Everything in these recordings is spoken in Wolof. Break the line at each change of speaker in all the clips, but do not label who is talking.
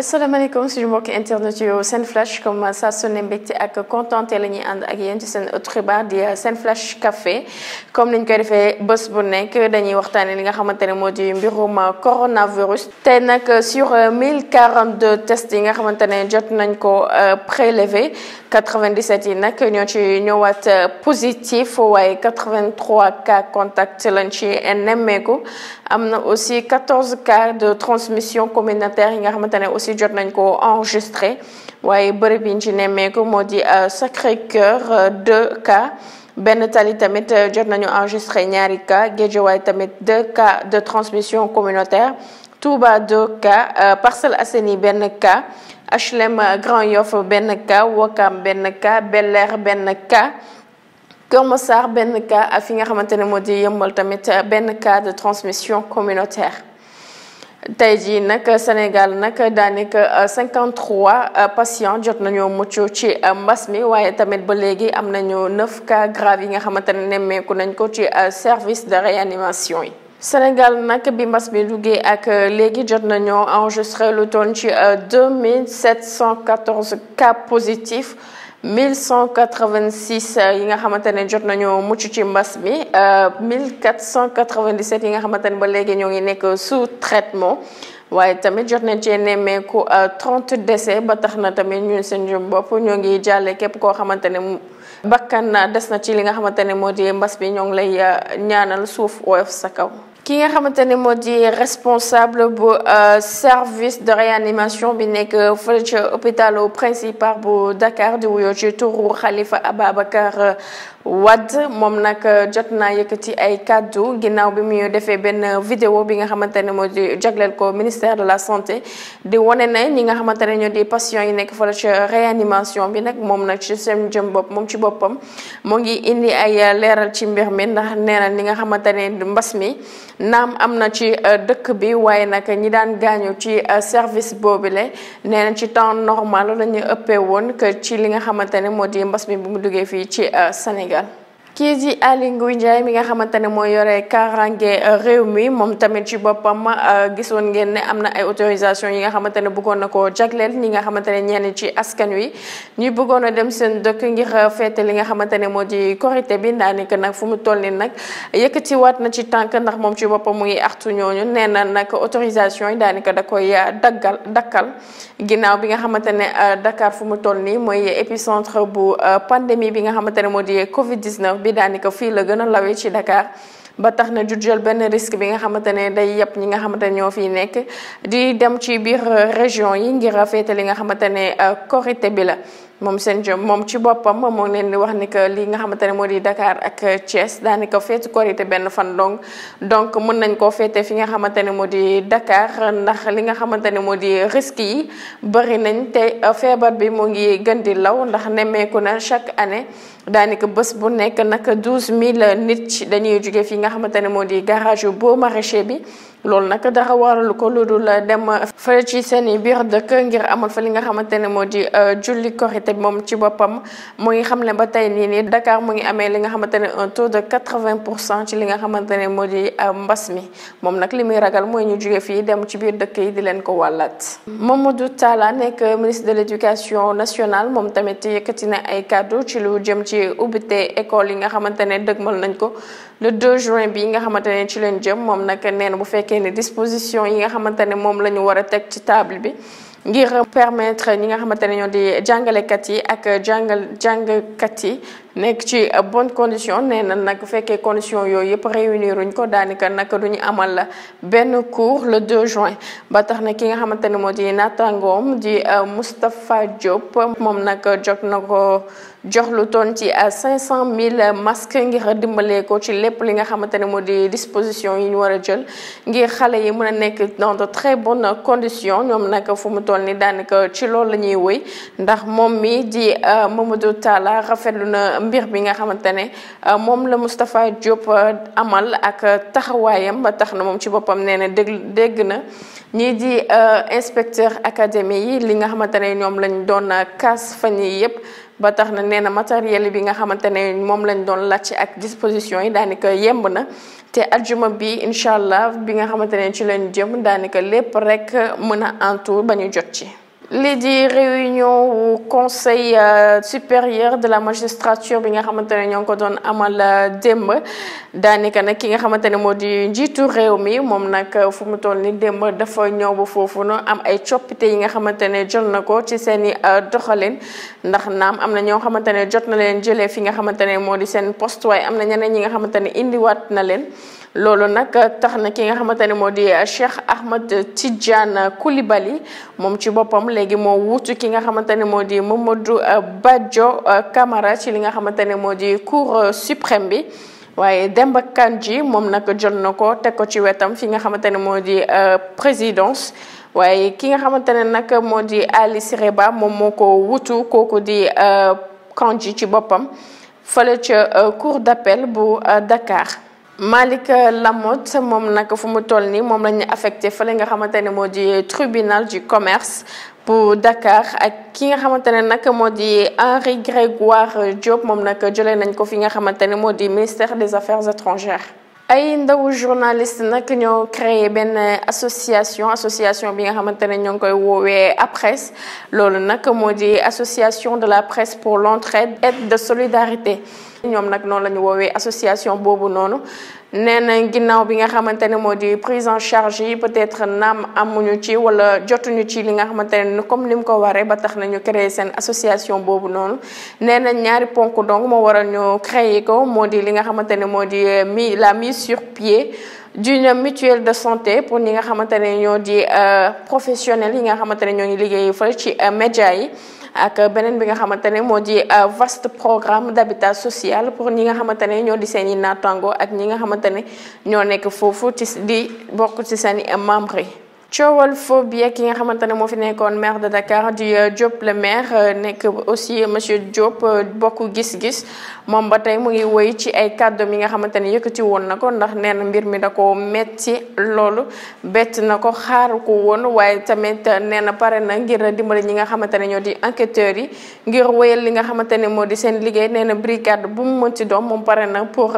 asalaamaaleykum suñu mbokki internet au saint flash comme ça su ne mbégte ak contenté la ñuy ànd ak yéen ci autre bar de saint flash café comme niñ koy defee bés bu nekk dañuy waxtaanee li nga xamante ne mbirum coronavirus te nag sur 1042 tests yi nga xamante ne jot nañ ko euh, prélevé 97 yi nag ñoo ci ñëwaat euh, positif 83 cas contacts, lañ ci nemmeeku am na aussi 14 cas de transmission communautaire yi nga xamante aussi aussi enregistré Oui, Boribinjine, yi euh, Sacré Cœur 2 euh, cas Ben talitamit tamit euh, enregistré ñaari cas tamit 2 cas de transmission communautaire Touba 2 cas Parcel Asseni Ben cas HLM Grand Yoff ben cas Wakam, ben cas Bel ben cas. Comme ben cas cas de transmission communautaire. Taïdi, Nak Senegal Sénégal nag daanaka euh, 53 euh, patients jot nañoo mucc ci euh, mbas mi tamit ba 9 cas graves yi nga xamante service de réanimation Senegal Sénégal nag bi mbas mi duggee ak léegi jot enregistré le ton ci 2714 cas positifs. 1186 euh, yi nga xamante ne jot nañoo mucc ci mbas mi 1497 euh, yi nga xamante ne ba léegi ñoo ngi nekk sous traitement waaye tamit jot nañ cee nemmeeku 30 euh, dese ba tax na tamit ñun seen bopp ñoo ngi jàllee képp koo xamante ne bakkan naa des na ci li nga xamante ne moo di mbas mi ñoo ngi lay ñaanal suuf woyof sa kaw. ki nga xamante ne responsable bu euh, service de réanimation bi nekk fële principal bu Dakar di wuyoo ci Khalifa Ababakar, euh, Wad, moom nag euh, jot naa yëkkati ay kàddu ginnaaw bi muy defee benn vidéo bi nga xamante ne moo ko ministère de la santé di wane ne ñi nga xamante ne di patients yi nekk fële ca réanimation bi nag moom nag ci seen jëm bopp moom ci boppam moo ngi indi ay leeral ci mbir mi ndax nee nga xamante ne mi. naam am na ci euh, dëkk bi waaye nag ñi daan gaañu ci euh, service boobule nee na ci temps normal la ñu ëppee woon que ci li nga xamante ne moo di mbas mi bu mu duggee fii ci euh, Sénégal. kii di Aly Ngouille Ndiaye mi nga xamante ne mooy yore kaaraange euh, réew mi moom tamit ci boppam euh, gisoon ngeen ne am na ay autorisation yi nga xamante ne bëggoon na koo jagleel ñi xamante ne ñenn ci askan wi ñuy bëggoon a dem seen dëkk ngir euh, feete li nga xamante ne moo ji korité bi daanaka nag fu mu toll nii nag yëkk ci waat na ci tànk ndax moom ci boppam mu ngi artu ñooñu nee na nag autorisation yi daanaka da koy daggal dakkal ginnaaw bi nga xamante ne Dakar fu mu toll nii mooy épicentre bu pandémie bi nga xamante ne moo di Covid 19 Bidaniko Phil Lagoon and Lavichi Dakar. ba tax na jël benn risque bi nga xamante ne day yëpp ñi nga xamante ne ñoo fi nekk di dem ci biir euh, région yi ngir féete li nga xamante ne euh, korité bi la moom seen jëm moom ci boppam moo leen di wax ni que li nga xamante ne moo di Dakar ak Thiès daanaka feetu korité benn fan donc donc mën nañ koo féete fi nga xamante ne moo di Dakar ndax li nga xamante ne moo di risque yi bëri nañ te euh, feebar bi mu ngi gën di law ndax nemmeeku na chaque année daanaka bés bu nekk nit dañuy jóge fi nga nga xamante ne moo di garage yu boo maraîcher bi loolu nag dara waralu ko lu dul dem fa ci seen i biir dëkk ngir amal fa li nga xamante ne moo di euh, julli korite moom ci boppam moo ngi xam ne ba tey nii nii Dakar mu ngi amee li nga xamante ne un taux de 80 pour cent ci li nga xamante ne moo di euh, mbas mi moom nag li muy ragal mooy ñu jóge fii dem ci biir dëkk yi di leen ko wàllaat. Mamadou Talla nekk ministre de l' éducation nationale moom tamit yëkkati na ay kàddu ci lu jëm ci ubbite école yi nga xamante ne dëgmal nañ ko le 2 juin nga xamante ne ci leen jëm moom nag nee na bu fekkee fekkee ne disposition yi nga xamante ne moom la ñu war a teg ci table bi ngir permettre ñi nga xamante ne ñoo di jàngalekat yi ak jàngal jàngkat yi nekk ci bonne condition nena nak fekke condition yoyep yëpp réuniruñ ko danika nak duñu amal benn cours le 2 juin ba tax ki nga xamante ne natangom di naataangoom euh, Diop mom nak jox nako ko jox lu toon ci 500000 euh, masques ngir dimbalee ko ci lepp li nga xamante ne disposition yi ñu wara jël ngir xalé yi mëna nek dans de très bonnes conditions ñom nak fu mu toll ni daanaka ci lool la ñuy wéy ndax mom mi di euh, Mamadou Tala rafetlu na. mbir bi nga xamante ne euh, moom la Moustapha Diop euh, amal ak euh, taxawaayam ba tax na moom ci boppam nee na dégg dégg na ñii di inspecteur académie yi li nga xamante ne ñoom lañu doon kaas fan yëpp ba tax na nee na matériel bi nga xamante ne moom lañ doon laaj ak disposition yi daanaka yemb na te aljuma bi incha allah bi nga xamante ne ci lañ jëm daanaka lépp rek mën a antu ba ñu jot ci. lii di réunion wu conseil euh, supérieur de la magistrature bi nga xamante ne ñoo ngi ko doon amal euh, démb daanaka nag ki nga xamante ne moo di njiitu réew mi moom nag euh, fu mu toll ni démb dafa ñëw ba foofu no am ay coppite yi nga xamante ne jël na ko ci seen i doxalin ndax naam am na ñoo xamante ne jot na leen jëlee fi nga xamante ne moo di seen poste waaye am na ñeneen ñi nga xamante ne indiwaat na leen. loolu nak taxna ki nga Cheikh Ahmed Tidiane Koulibaly mom ci bopam léegi mo wuutu ki nga Badjo Camara ci li nga Cour suprême bi waye Demba kanji mom nak jot na ko ko ci wetam fi nga euh, présidence Waï ki nga nak modi Ali Sireba, mom moko wutu Koko di euh, Kanji ci bopam euh, cour d'appel bu Dakar Malika Lamotte mom nak fu mu toll mom lañu affecté fele nga xamante modi di tribunal du commerce pour Dakar ak ki nga xamante nak modi Henri Grégoire Diop mom nak jëlee nañ ko fi nga modi des affaires étrangères ay ndawu journaliste nag ñoo créé benn association association bi nga xamante ne ñoo ngi koy woowee APRES loolu nag moo association de la presse pour l'entraide et de solidarité nous nag noonu la association boobu noonu nee ginnaw bi nga xamantene ne moo di prise en charge yi peut-être naam amuñu ci wala jotuñu ci li nga xamantene ne comme ni ko waree ba tax nañu créer seen association boobu noonu nee ñaari ponk donc moo waral ñu créer ko moo di li nga xamantene ne moo di euh, mi la mise sur pied d'une mutuelle de santé pour ñi nga xamantene ñoo di euh, professionnels yi nga xamantene ñoo ngi liggéey fa ci euh, média yi ak beneen bi nga xamante ne moo di euh, vaste programme d'habitat social pour ñi nga xamante ne ñoo di seen i naataango ak ñi nga xamante ne ñoo nekk foofu ci di bokk ci seen i membre yi coowal phobie ki nga xamante ne moo fi nekkoon maire de Dakar di euh, Diop le maire euh, nekk aussi monsieur Diop euh, bokk gis-gis moom ba tey mu ngi woy ci ay kàddu mi nga xamante ne yëkkati woon na ko ndax nee na mbir mi da ko metti loolu bett na ko xaaru ko woon waaye tamit nee na pare na ngir dimbali ñi nga xamante ne ñoo di enquêteurs yi ngir woyal li nga xamante ne moo di seen liggéey nee na brigade bu mu mënti doom moom pare na pour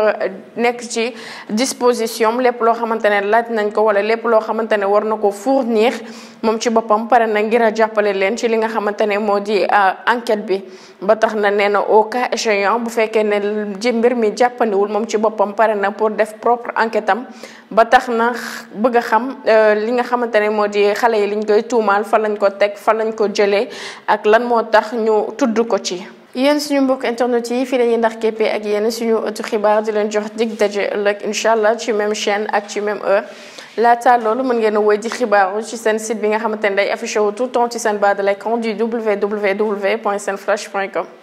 nekk ci disposition lépp loo xamante ne laaj nañ ko wala lépp loo xamante ne war na ko fournir moom ci boppam pare na ngir a jàppale leen ci li nga xamante ne moo di euh, enquête bi ba tax na nee na au cas échéant bu fekkee ne ji mbir mi jàppandiwul moom ci boppam pare na pour def propre enquête am ba tax na bëgg a xam euh, li nga xamante ne moo di xale yi liñ koy tuumaal fan lañ ko teg fan lañ ko jëlee ak lan moo tax ñu tudd ko ci. yéen suñu mbokk internet yi fii la ñuy ndax képp ak yéen suñu ëttu xibaar di leen jox dig daje ëllëg incha allah ci même chaîne ak ci La ta mën ngeen a woy di xibaaru ci seen site bi nga xamante ne day affiché tout temps ci seen bas de l'écran du www point